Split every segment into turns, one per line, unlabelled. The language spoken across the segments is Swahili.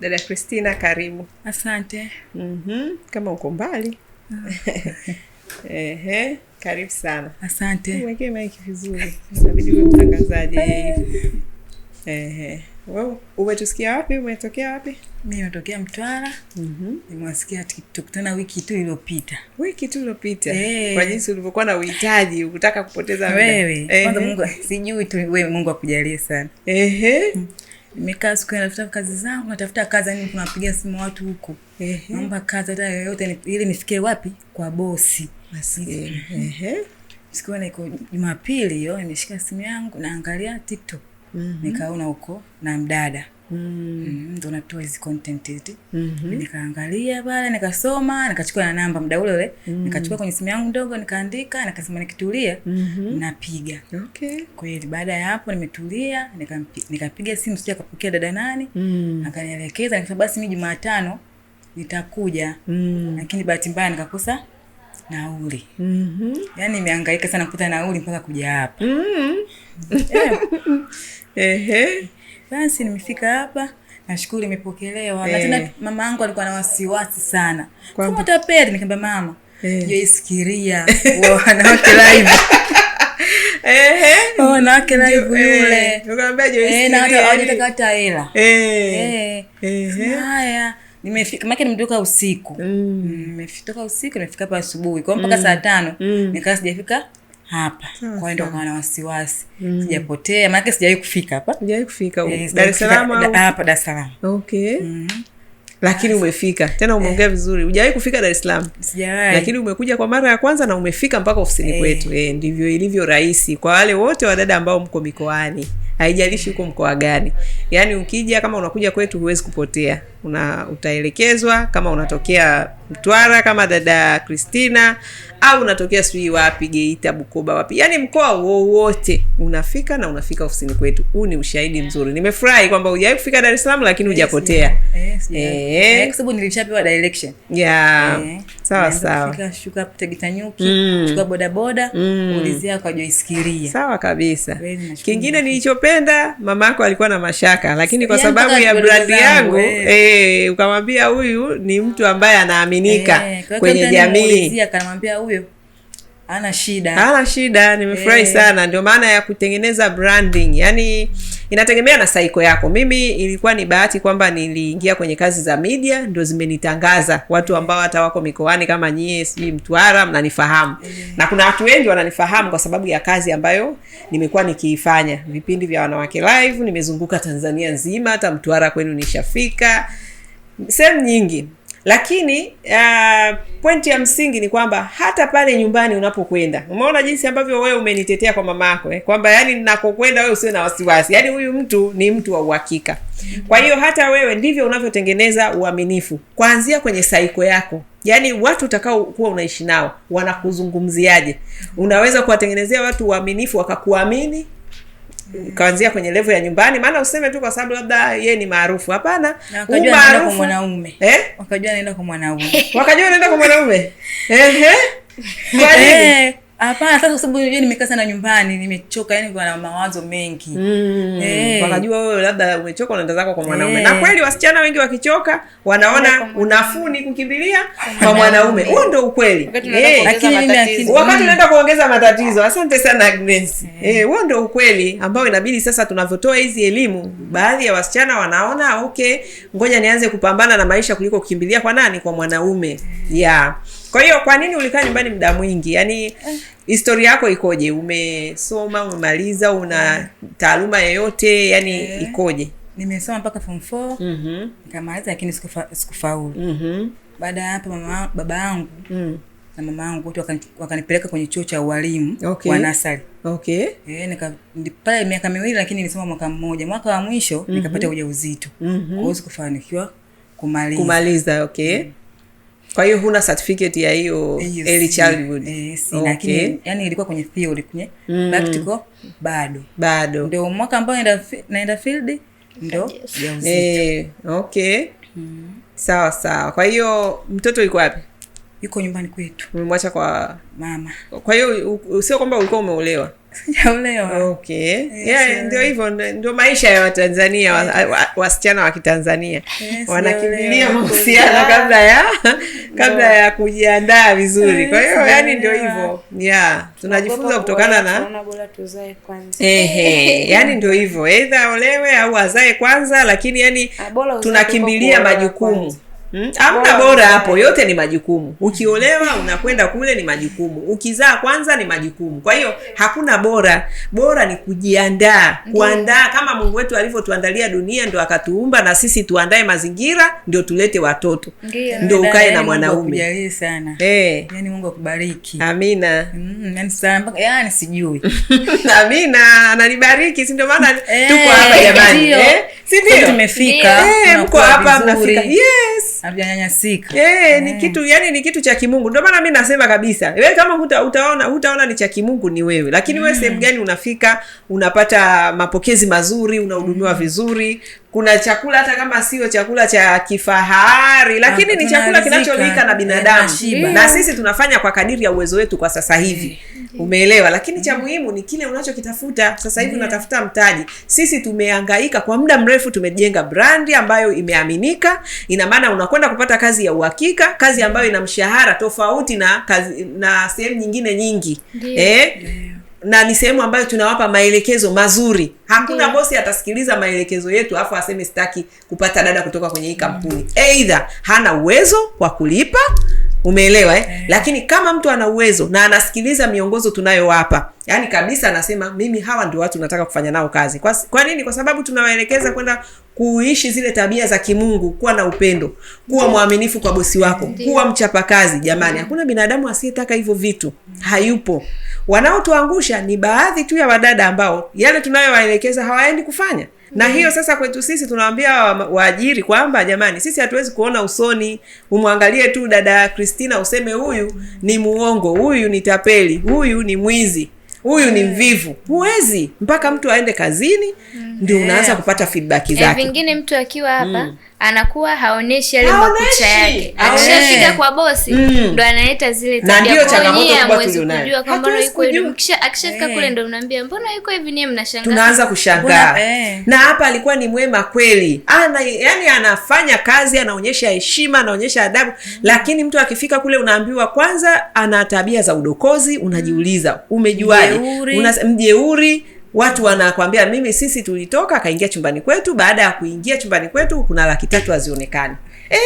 Dada Christina, karibu.
Asante.
mm -hmm. Kama uko mbali ah. Ehe, karibu sana.
Asante.
Weke maiki vizuri, inabidi uwe mtangazaji. Eh. Ehe, wewe umetusikia wapi? Umetokea wapi?
Mimi natokea Mtwara. Mhm. Nimewasikia tukutana wiki tu iliyopita.
Wiki tu iliyopita. Hey. Eh. Kwa jinsi ulivyokuwa na uhitaji, ukutaka kupoteza
Wewe. Kwanza Mungu sijui tu wewe Mungu akujalie sana.
Ehe. Mm
nimekaa siku natafuta kazi zangu, natafuta kazi, yani tunapiga simu watu huko, naomba kazi hata yoyote ili nifike wapi, kwa bosi. Siku ile Jumapili hiyo, nimeshika simu yangu naangalia TikTok, mhm. nikaona huko na mdada
Mm.
Ndo natoa hizi content hizi. Mm -hmm. Nikaangalia pale, nikasoma, nikachukua na namba mda ule ule. Mm -hmm. Nikachukua kwenye simu yangu ndogo, nikaandika, nikasema nikitulia, mm -hmm. napiga. Okay. Kweli baada ya hapo nimetulia, nikapiga nika simu sija kapokea dada nani? Mm. hmm Akanielekeza, nikasema basi mimi Jumatano nitakuja. Mm. hmm Lakini bahati mbaya nikakosa nauli.
Mm -hmm.
Yaani nimehangaika sana kupata nauli mpaka kuja hapa.
Mm -hmm. Yeah. Ehe.
Basi nimefika hapa, nashukuru imepokelewa. Hey. Eh. Na tena mama yangu alikuwa na wasiwasi sana. Kama tapeli nikamba mama, hey. Eh. Je, isikiria wanawake live. Ehe. Wanawake live eh, yule.
Nikamwambia je, isikiria. Eh, na hata
yaani. hata hela.
Eh.
Eh. Haya. Nimefika maana nimetoka usiku.
Mm. Mm,
nimefika mm. usiku nimefika hapa asubuhi. Kwa mpaka mm. saa tano mm. nikaa sijafika hapa kwa ndo kwa na wasiwasi mm. sijapotea maanake sijawai kufika hapa
sijawahi eh, mm-hmm. lakini umefika tena umeongea eh. vizuri ujawai kufika Dar es
lakini
umekuja kwa mara ya kwanza na umefika mpaka ofisini eh. kwetu eh, ndivyo ilivyo rahisi kwa wale wote wadada ambao mko mikoani haijalishi huko mkoa gani yaani ukija kama unakuja kwetu huwezi kupotea una utaelekezwa kama unatokea mtwara kama dada Kristina au unatokea sijui wapi, Geita, Bukoba, wapi, yaani mkoa wowote unafika na unafika ofisini kwetu. Huu ni ushahidi mzuri. Nimefurahi kwamba hujawai kufika Dar es Salaam lakini hujapotea,
eh. yaani nilishapewa direction.
Eh. Sawa sawa,
kwa mm. mm.
Sawa kabisa. Kingine nilichopenda, mama yako alikuwa na mashaka, lakini kwa yaani sababu ya brandi yangu eh, ukamwambia huyu ni mtu ambaye anaaminika kwenye jamii,
ana shida,
ana shida. Nimefurahi hey, eh. sana. Ndio maana ya kutengeneza branding, yani inategemea na saiko yako. Mimi ilikuwa ni bahati kwamba niliingia kwenye kazi za media, ndio zimenitangaza watu eh. ambao hata wako mikoani kama nyie, sijui Mtwara, mnanifahamu eh. Na kuna watu wengi wananifahamu kwa sababu ya kazi ambayo nimekuwa nikiifanya, vipindi vya wanawake live. Nimezunguka Tanzania nzima, hata Mtwara kwenu nishafika sehemu nyingi lakini uh, pointi ya msingi ni kwamba hata pale nyumbani unapokwenda, umeona jinsi ambavyo wewe umenitetea kwa mama yako eh, kwamba yani nakokwenda wewe usiwe na wasiwasi, yani huyu mtu ni mtu wa uhakika. Kwa hiyo hata wewe ndivyo unavyotengeneza uaminifu kwanzia kwenye saiko yako yaani watu utakao kuwa unaishi nao wanakuzungumziaje? Unaweza kuwatengenezea watu uaminifu wakakuamini, mm. kaanzia kwenye levo ya nyumbani, maana useme tu kwa sababu labda ye ni maarufu. Hapana,
wakajua naenda eh? kwa mwanaume
wakajua kwa mwanaume,
Hapana, sasa kwa sababu yeye nimekaa sana nyumbani, nimechoka, yani kwa mawazo mengi.
Mm. Hey. Eh. Wakajua wewe labda umechoka unaenda zako kwa mwanaume. Hey. Na eh. kweli wasichana wengi wakichoka wanaona hey, unafuni kukimbilia kwa mwanaume. Huo ndio ukweli.
Eh. lakini
Wakati hey. unaenda kuongeza matatizo. Ah. Asante sana Agnes. Eh, hey. Huo ndio ukweli ambao inabidi sasa tunavyotoa hizi elimu, baadhi ya wasichana wanaona okay, ngoja nianze kupambana na maisha kuliko kukimbilia kwa nani? Kwa mwanaume. Yeah. Kwa hiyo kwa nini ulikaa nyumbani muda mwingi? Yaani eh. historia yako ikoje? Umesoma, umemaliza, una taaluma yoyote, yaani e, ikoje?
Nimesoma mpaka form 4. Mhm. Nikamaliza lakini sikufaulu mm-hmm. Baada ya hapo baba yangu mm. na mama yangu wote wakanipeleka wakani kwenye chuo cha ualimu okay. wa nasari. Okay. e, pale miaka miwili lakini nisoma mwaka mmoja. Mwaka wa mwisho mm -hmm. nikapata uja uzito Mm -hmm. Kwa sikufanikiwa kumaliza.
Kumaliza, okay. Mm. Kwa hiyo huna certificate ya hiyo eh, early childhood?
Eh, Okay. Lakini yani ilikuwa kwenye theory, kwenye mm. practical bado. Bado. Ndio mwaka ambao naenda naenda field ndio
Eh, okay. Mm. Sawa sawa. Kwa hiyo mtoto yuko wapi?
Yuko nyumbani kwetu.
Umemwacha kwa mama. Kwa hiyo sio kwamba ulikuwa umeolewa?
Sijaolewa.
Okay. yeah, ndio hivyo, ndio maisha ya Watanzania wasichana wa, wa, wa Kitanzania yes, wanakimbilia mahusiano kabla ya kabla ya kujiandaa vizuri. Kwa hiyo yani ndio hivyo. Yeah, tunajifunza kutokana na yani ndio hivyo, eidha aolewe au azae kwanza, lakini yani ah, tunakimbilia majukumu Hmm? hamna hmm? Bora hapo, yote ni majukumu. Ukiolewa unakwenda kule, ni majukumu. Ukizaa kwanza, ni majukumu. Kwa hiyo hakuna bora. Bora ni kujiandaa, kuandaa kama Mungu wetu alivyotuandalia dunia, ndo akatuumba na sisi tuandae mazingira, ndio tulete watoto, ndio ukae na yaani mwanaume. sana. Hey. Eh.
Yani Mungu akubariki.
Amina.
Mm, yani sana, yani sijui.
Amina, analibariki, si ndio maana eh, tuko hapa jamani, eh? sindiomefika eh, mko hapa mnafika yes yeah, ni eh. kitu yani ni kitu cha kimungu ndio maana mi nasema kabisa we kama huta, utaona hutaona ni cha kimungu ni wewe lakini mm. wewe sehemu gani unafika unapata mapokezi mazuri unahudumiwa mm. vizuri kuna chakula hata kama sio chakula cha kifahari lakini ah, ni chakula kinacholika na eh, binadamu yeah. na sisi tunafanya kwa kadiri ya uwezo wetu kwa sasa hivi yeah. umeelewa lakini cha mm. muhimu ni kile unachokitafuta sasa hivi yeah. unatafuta mtaji sisi tumeangaika kwa muda mrefu tumejenga brandi ambayo imeaminika ina maana unakwenda kupata kazi ya uhakika kazi ambayo ina mshahara tofauti na kazi, na sehemu nyingine nyingi yeah. eh? yeah mm na ni sehemu ambayo tunawapa maelekezo mazuri. Hakuna yeah, bosi atasikiliza maelekezo yetu afu aseme sitaki kupata dada kutoka kwenye hii kampuni. eidha hana uwezo wa kulipa, umeelewa eh? Yeah. Lakini kama mtu ana uwezo na anasikiliza miongozo tunayowapa, yani kabisa anasema mimi hawa ndio watu nataka kufanya nao kazi. Kwa, kwa nini? Kwa sababu tunawaelekeza kwenda kuishi zile tabia za kimungu, kuwa na upendo, kuwa mwaminifu kwa bosi wako, kuwa mchapakazi. Jamani, hakuna binadamu asiyetaka hivyo vitu, hayupo. Wanaotuangusha ni baadhi tu ya wadada ambao yale tunayowaelekeza hawaendi kufanya na hiyo sasa, kwetu sisi tunawambia waajiri kwamba jamani, sisi hatuwezi kuona usoni. Umwangalie tu dada Kristina useme huyu ni muongo, huyu ni tapeli, huyu ni mwizi huyu ni eh. mvivu, huwezi mpaka mtu aende kazini ndio mm. unaanza eh. kupata feedback eh, zake.
Vingine mtu akiwa hapa mm anakuwa haoneshi yale makucha yake, akishafika kwa bosi mm. ndo analeta zile tabia kujua kwamba akishafika eh. kule ndo mnaambia mbona yuko hivi, niye mnashangaa,
tunaanza kushangaa hey. Eh. na hapa alikuwa ni mwema kweli ana, yani anafanya kazi, anaonyesha heshima, anaonyesha adabu mm. lakini mtu akifika kule unaambiwa kwanza ana tabia za udokozi, unajiuliza umejuaje? Mjeuri, mjeuri watu wanakwambia mimi, sisi tulitoka, akaingia chumbani kwetu. Baada ya kuingia chumbani kwetu, kuna laki tatu hazionekani. Eh,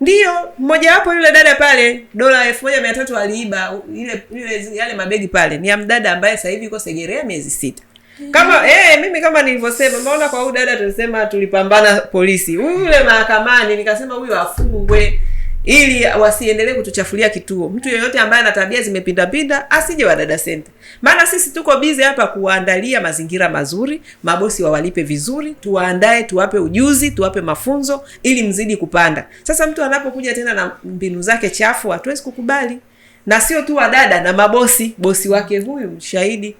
ndio mmojawapo yule dada pale, dola elfu moja mia tatu aliiba ile ile yale mabegi pale, ni amdada ambaye sasa hivi Segerea miezi sita kama mm. Eh, mimi kama nilivyosema, maona kwa huyu dada tulisema tulipambana polisi, huyu yule mahakamani, nikasema huyu afungwe ili wasiendelee kutuchafulia kituo. Mtu yeyote ambaye ana tabia zimepindapinda asije Wadada Center, maana sisi tuko bize hapa kuwaandalia mazingira mazuri, mabosi wawalipe vizuri, tuwaandae, tuwape ujuzi, tuwape mafunzo ili mzidi kupanda. Sasa mtu anapokuja tena na mbinu zake chafu, hatuwezi kukubali, na sio tu wadada na mabosi. Bosi wake huyu shahidi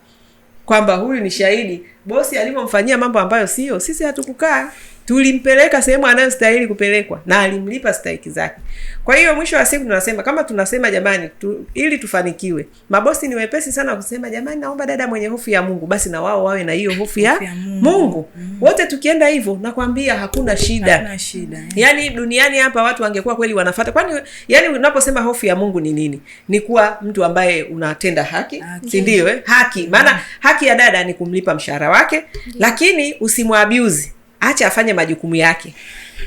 kwamba huyu ni shahidi, bosi alivyomfanyia mambo ambayo sio, sisi hatukukaa tulimpeleka sehemu anayostahili kupelekwa na alimlipa stahiki zake. Kwa hiyo mwisho wa siku tunasema kama tunasema jamani tu, ili tufanikiwe, mabosi ni wepesi sana kusema jamani, naomba dada mwenye hofu ya Mungu, basi na wao wawe na hiyo hofu ya Mungu, Mungu. Mm. Wote tukienda hivyo nakwambia hakuna shida, shida eh. Yani duniani hapa watu wangekuwa kweli wanafata, kwani yani unaposema hofu ya Mungu ni nini? Ni kuwa mtu ambaye unatenda haki, sindio haki, eh? Haki maana mm. haki ya dada ni kumlipa mshahara wake, lakini usimwabuzi acha afanye majukumu yake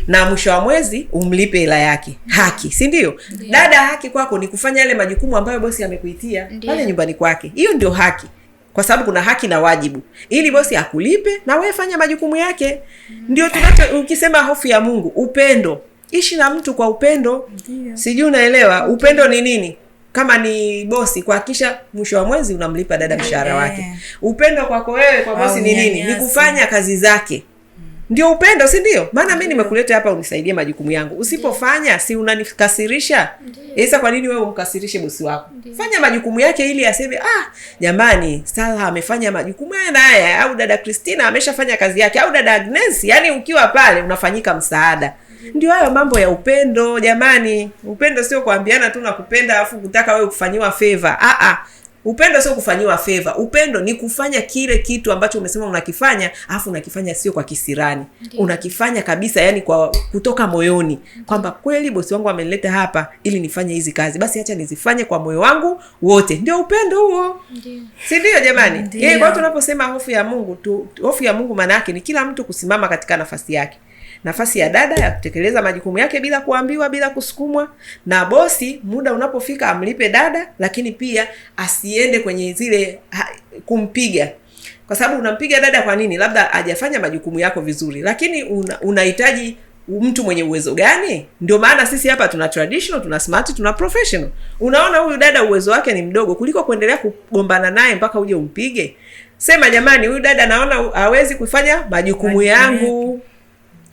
na mwisho wa mwezi umlipe hela yake. Haki, si ndio? Dada, haki kwako ni kufanya yale majukumu ambayo bosi amekuitia pale nyumbani kwake. Hiyo ndio haki, kwa sababu kuna haki na wajibu. Ili bosi akulipe na wewe fanya majukumu yake. Mm. Ndio tunacho ukisema hofu ya Mungu, upendo. Ishi na mtu kwa upendo. Sijui unaelewa upendo ni nini? Kama ni bosi, kuhakikisha mwisho wa mwezi unamlipa dada mshahara eh. wake. Upendo kwako wewe kwa bosi ni nini? Ni kufanya kazi zake ndio upendo, si ndio? Maana mi nimekuleta hapa unisaidie majukumu yangu. Usipofanya si unanikasirisha? isa kwa nini wewe umkasirishe bosi wako? Fanya majukumu yake ili aseme ah, jamani Sala amefanya majukumu haya naye, au dada kristina ameshafanya kazi yake, au dada Agnes. Yani ukiwa pale unafanyika msaada. Ndio hayo mambo ya upendo jamani. Upendo sio kuambiana tu nakupenda afu kutaka wewe kufanyiwa favor. Ah, ah. Upendo sio kufanyiwa feva Upendo ni kufanya kile kitu ambacho umesema unakifanya, alafu unakifanya sio kwa kisirani. Okay. Unakifanya kabisa yani kwa kutoka moyoni. Okay. Kwamba kweli bosi wangu amenileta hapa ili nifanye hizi kazi. Basi acha nizifanye kwa moyo wangu wote. Ndio upendo huo. sindio Si ndio jamani? Yeye eh, kwa tunaposema hofu ya Mungu tu, hofu ya Mungu maana yake ni kila mtu kusimama katika nafasi yake nafasi ya dada ya kutekeleza majukumu yake bila kuambiwa, bila kusukumwa na bosi. Muda unapofika amlipe dada, lakini pia asiende kwenye zile ha, kumpiga kwa sababu unampiga dada kwa nini? Labda hajafanya majukumu yako vizuri, lakini unahitaji mtu mwenye uwezo gani? Ndio maana sisi hapa tuna traditional, tuna smart, tuna professional. Unaona huyu dada uwezo wake ni mdogo, kuliko kuendelea kugombana naye mpaka uje umpige. Sema jamani, huyu dada naona hawezi kufanya majukumu yangu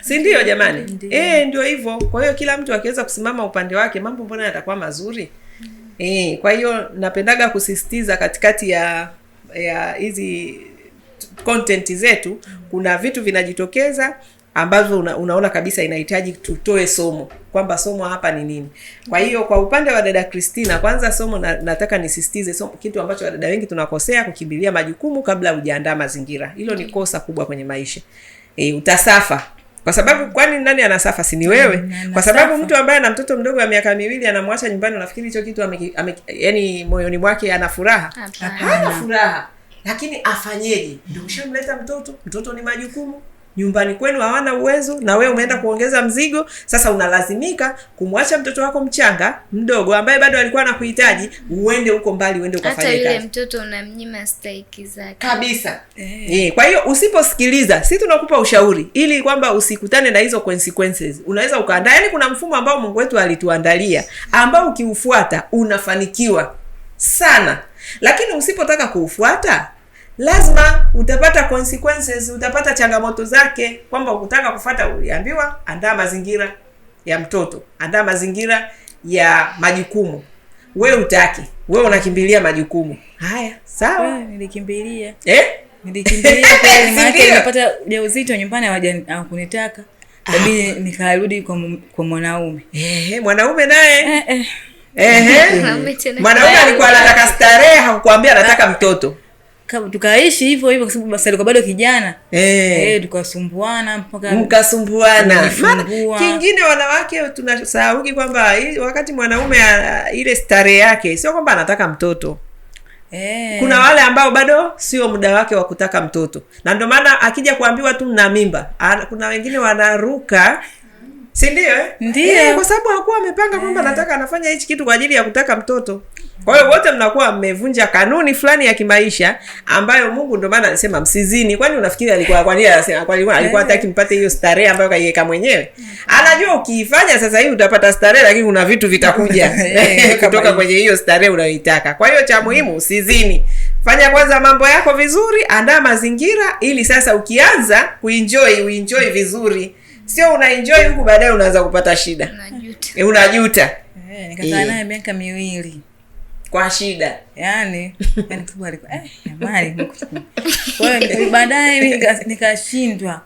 si ndio jamani? Eh, ndio hivyo. Kwa hiyo kila mtu akiweza kusimama upande wake, mambo mbona yatakuwa mazuri. Mm. Eh, kwa hiyo napendaga kusisitiza katikati ya ya hizi content zetu mm. kuna vitu vinajitokeza ambavyo una, unaona kabisa inahitaji tutoe somo kwamba somo hapa ni nini. Kwa mm. hiyo kwa upande wa dada kristina kwanza somo na, nataka nisisitize somo, kitu ambacho wadada wengi tunakosea kukimbilia majukumu kabla hujaandaa mazingira. Hilo ni kosa kubwa kwenye maisha. E, utasafa kwa sababu kwani nani anasafa? Si ni wewe? Mm, kwa sababu mtu ambaye ana mtoto mdogo wa miaka miwili anamwacha nyumbani, unafikiri hicho kitu ame, yani moyoni mwake ana furaha? Hapana furaha, lakini afanyeje? Ndio, mshamleta mtoto, mtoto ni majukumu nyumbani kwenu hawana uwezo, na wewe umeenda kuongeza mzigo. Sasa unalazimika kumwacha mtoto wako mchanga mdogo, ambaye bado alikuwa anakuhitaji, uende huko mbali, uende ukafanye kazi. Hata
yule mtoto unamnyima stahiki zake
kabisa. Eh. eh, kwa hiyo usiposikiliza, si tunakupa ushauri ili kwamba usikutane na hizo consequences. Unaweza ukaandaa, yaani kuna mfumo ambao Mungu wetu alituandalia ambao ukiufuata unafanikiwa sana, lakini usipotaka kuufuata lazima utapata consequences, utapata changamoto zake, kwamba ukutaka kufata uliambiwa andaa mazingira ya mtoto, andaa mazingira ya majukumu. We utaki, we unakimbilia majukumu haya. Sawa, ah,
nilikimbilia eh, nilikimbilia nilipata ujauzito nyumbani, hawakunitaka Tabii ah. nikarudi kwa, kwa mwanaume
mwanaume naye eh, eh. mwanaume alikuwa anataka starehe, hakukwambia anataka mtoto
tukaishi hivyo hivyo kwa sababu basi alikuwa bado kijana
eh, Hey,
eh, tukasumbuana
mpaka mkasumbuana. Kingine wanawake tunasahauki kwamba wakati mwanaume ah, ile starehe yake sio kwamba anataka mtoto hey. Eh. Kuna wale ambao bado sio muda wake wa kutaka mtoto, na ndio maana akija kuambiwa tu mna mimba, kuna wengine wanaruka si ndio? Eh?
Ndio. E, kwa
sababu hakuwa amepanga kwamba eh. nataka anafanya hichi kitu kwa ajili ya kutaka mtoto. Kwa hiyo wote mnakuwa mmevunja kanuni fulani ya kimaisha ambayo Mungu ndio maana anasema msizini. Kwani unafikiri alikuwa kwa nini anasema kwa nini alikuwa hataki mpate hiyo starehe ambayo kaiweka mwenyewe? Anajua ukiifanya sasa hivi utapata starehe lakini kuna vitu vitakuja kutoka kwenye hiyo starehe unayoitaka. Kwa hiyo cha mm. muhimu usizini. Fanya kwanza mambo yako vizuri, andaa mazingira ili sasa ukianza kuenjoy uenjoy vizuri sio unaenjoy huku, baadaye unaanza kupata shida, unajuta, eh, unajuta.
E, eh, nikakaa eh. naye miaka miwili
kwa shida
yani, yani kubwa eh, mali, kwa hiyo baadaye nikashindwa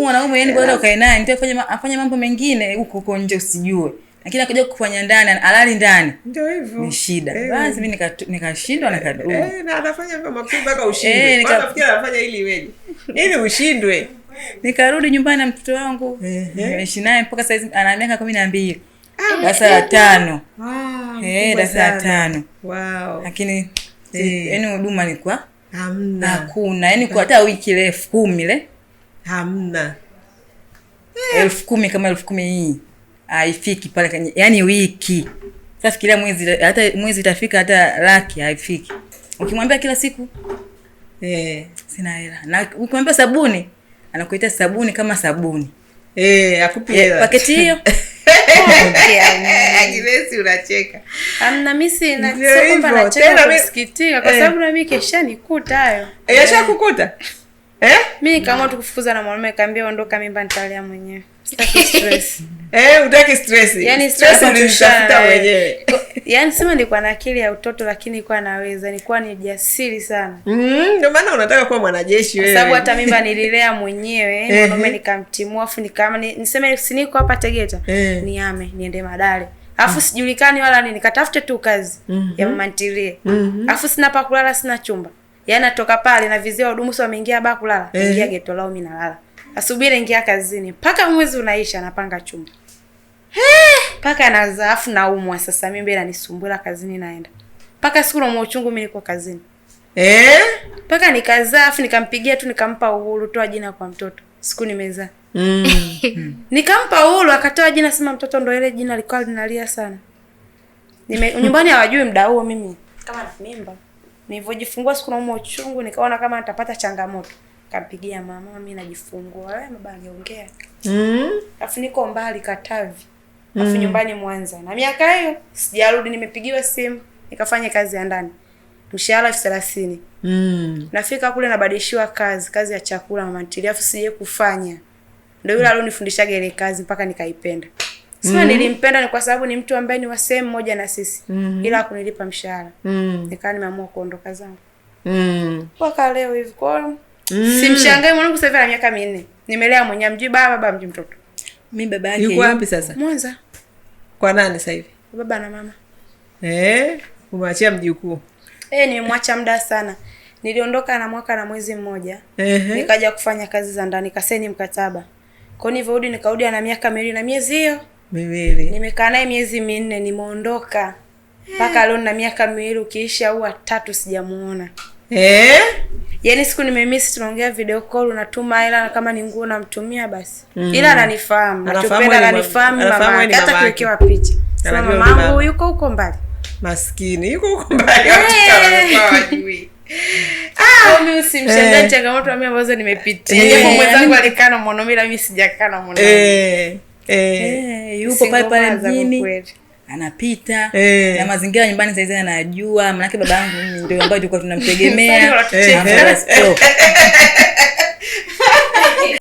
mwanaume yani, bora ukae naye nitafanya afanye mambo mengine huko huko nje usijue, lakini akija kufanya ndani, alali ndani,
ndio hivyo ni
shida. Basi mimi nikashindwa na kadu
eh, na anafanya mambo makubwa mpaka ushindwe, nafikiri anafanya ili iweje, ili ushindwe
Nikarudi nyumbani na mtoto wangu nimeishi naye mpaka saizi ana miaka kumi na mbili ah, darasa la tano ah, eh, darasa la tano lakini eh, yani huduma ni kwa hamna, hakuna yaani kwa hata wiki le elfu kumi le
hamna
eh. elfu kumi kama elfu kumi hii haifiki pale, yaani wiki sasa. Fikiria mwezi, hata mwezi itafika hata laki haifiki, ukimwambia kila siku eh, sina hela na ukimwambia sabuni anakuita sabuni kama sabuni
eh, akupi eh,
hela paketi hiyo.
Agnes unacheka.
Amna misi na sio kwamba nacheka kusikitika kwa eh. sababu na mimi kesha nikuta hayo.
Eh, yashakukuta? Eh? eh?
Mimi kama tukufukuza na mwanamume kaambia ondoka, mimba nitalea mwenyewe.
Eh, utaki
yaani, yaani sema nilikuwa na akili ya utoto lakini nilikuwa naweza, nilikuwa ni jasiri sana.
Mm, maana unataka kuwa mwanajeshi
wewe. Sababu hata mimba nililea mwenyewe, mwanaume nikamtimua afu nikama niseme siniko hapa Tegeta, eh. niame niende madare afu mm. sijulikani wala nini, nikatafute tu kazi mm -hmm. ya mama ntilie. Mm -hmm. Alafu sina pakulala sina chumba. Yaani natoka pale na vizia wadumu sio wameingia baa kulala, eh. ingia geto lao mimi nalala asubiri ingia kazini mpaka mwezi unaisha, anapanga chumba mpaka anazaa, afu naumwa sasa, mimi nisumbula kazini, naenda mpaka siku naumwa uchungu, mimi niko kazini mpaka eh? Nikazaa afu nikampigia tu nikampa uhuru, toa jina kwa mtoto. Siku nimeza mm. nikampa uhuru akatoa jina, sema mtoto ndo ile jina likuwa linalia sana. Nime nyumbani hawajui mda huo mimi kama na mimba, nilivyojifungua siku naumwa uchungu, nikaona kama nitapata changamoto Kampigia mama, mimi najifungua. Wewe baba angeongea. Mm. Alafu niko mbali Katavi. Alafu mm. nyumbani Mwanza. Na miaka hiyo sijarudi, nimepigiwa simu, nikafanya kazi ya ndani. Mshahara elfu thelathini.
Mm.
Nafika kule nabadilishiwa kazi, kazi ya chakula mama ntilia, afu sije kufanya. Ndio yule mm. alionifundishaga ile kazi mpaka nikaipenda. Sio mm. nilimpenda ni kwa sababu ni mtu ambaye ni wa sehemu moja na sisi. Mm. Ila hakunilipa mshahara. Mm. Nikawa nimeamua kuondoka zangu.
Mm.
Mpaka leo hivi kwao Mm. Simshangae mwanangu sasa hivi ana miaka minne. Nimelea mwenye amjui baba baba mji mtoto. Mimi baba yake. Yuko wapi sasa? Mwanza.
Kwa nani sasa hivi? Baba na mama. Eh, umwachia mjukuu.
Eh, nimemwacha muda sana. Niliondoka na mwaka na mwezi mmoja. Uh-huh. Nikaja kufanya kazi za ndani kaseni mkataba. Kwa hiyo rudi nikarudi ana miaka miwili na miezi hiyo. Miwili. Nimekaa naye miezi minne nimeondoka. Mpaka leo na miaka miwili ukiisha au tatu sijamuona. Eh? Yaani siku nimemiss tunaongea video call, unatuma hela kama ni nguo namtumia basi. Mm. Ila ananifahamu, anatupenda, ananifahamu mama, hata kuwekewa picha. Sema mamangu yuko huko mbali.
Maskini yuko huko mbali.
Ah, ah! mimi usimshangae eh. changamoto mimi ambazo nimepitia. Yeye eh. mwenzangu alikaa na mwanaume ila mimi sijakaa na mwanaume.
Eh. Eh,
eh yupo pale pale mjini anapita hey. Eh. na mazingira nyumbani saizi anajua, manake baba yangu ndio ambayo tulikuwa tunamtegemea